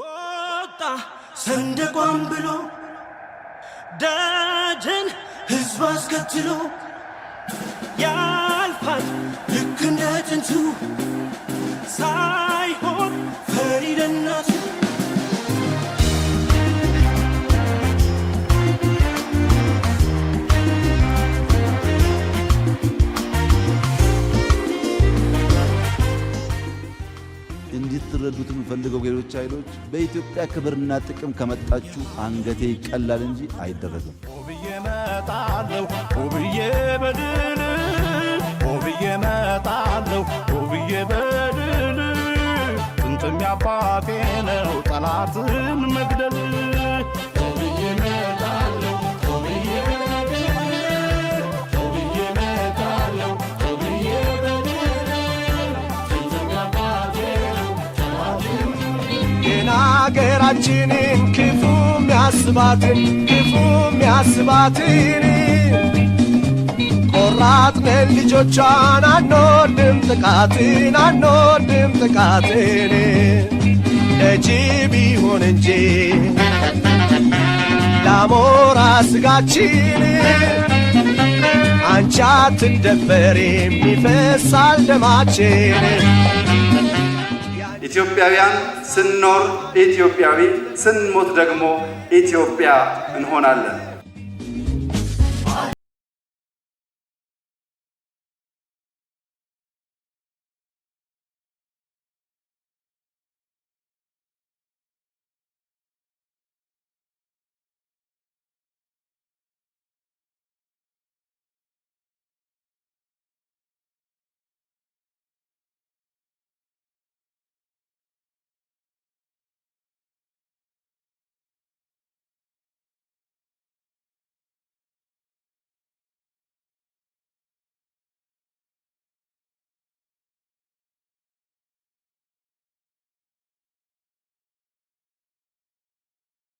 ወጣ ሰንደቋን ብሎ ደጀን ህዝብ አስከትሎ ያልፋል ልክ እንደ ጥንቱ እንድትረዱት የምፈልገው ሌሎች ኃይሎች በኢትዮጵያ ክብርና ጥቅም ከመጣችሁ አንገቴ ይቀላል እንጂ አይደረግም። ብዬ መጣለሁ ብዬ በድል ብዬ መጣለሁ ብዬ በድል ጥንጥም ያባቴ ነው ጠላትን መግደል ሀገራችንን ክፉ ሚያስባትን ክፉ ሚያስባትን ቆራጥነ ልጆቿን አንወድም ጥቃትን አንወድም ጥቃትን ለጅብ ቢሆን እንጂ ላሞራ ስጋችን አንቻ ትደበር የሚፈሳል ደማችን ኢትዮጵያውያን ስንኖር ኢትዮጵያዊ፣ ስንሞት ደግሞ ኢትዮጵያ እንሆናለን።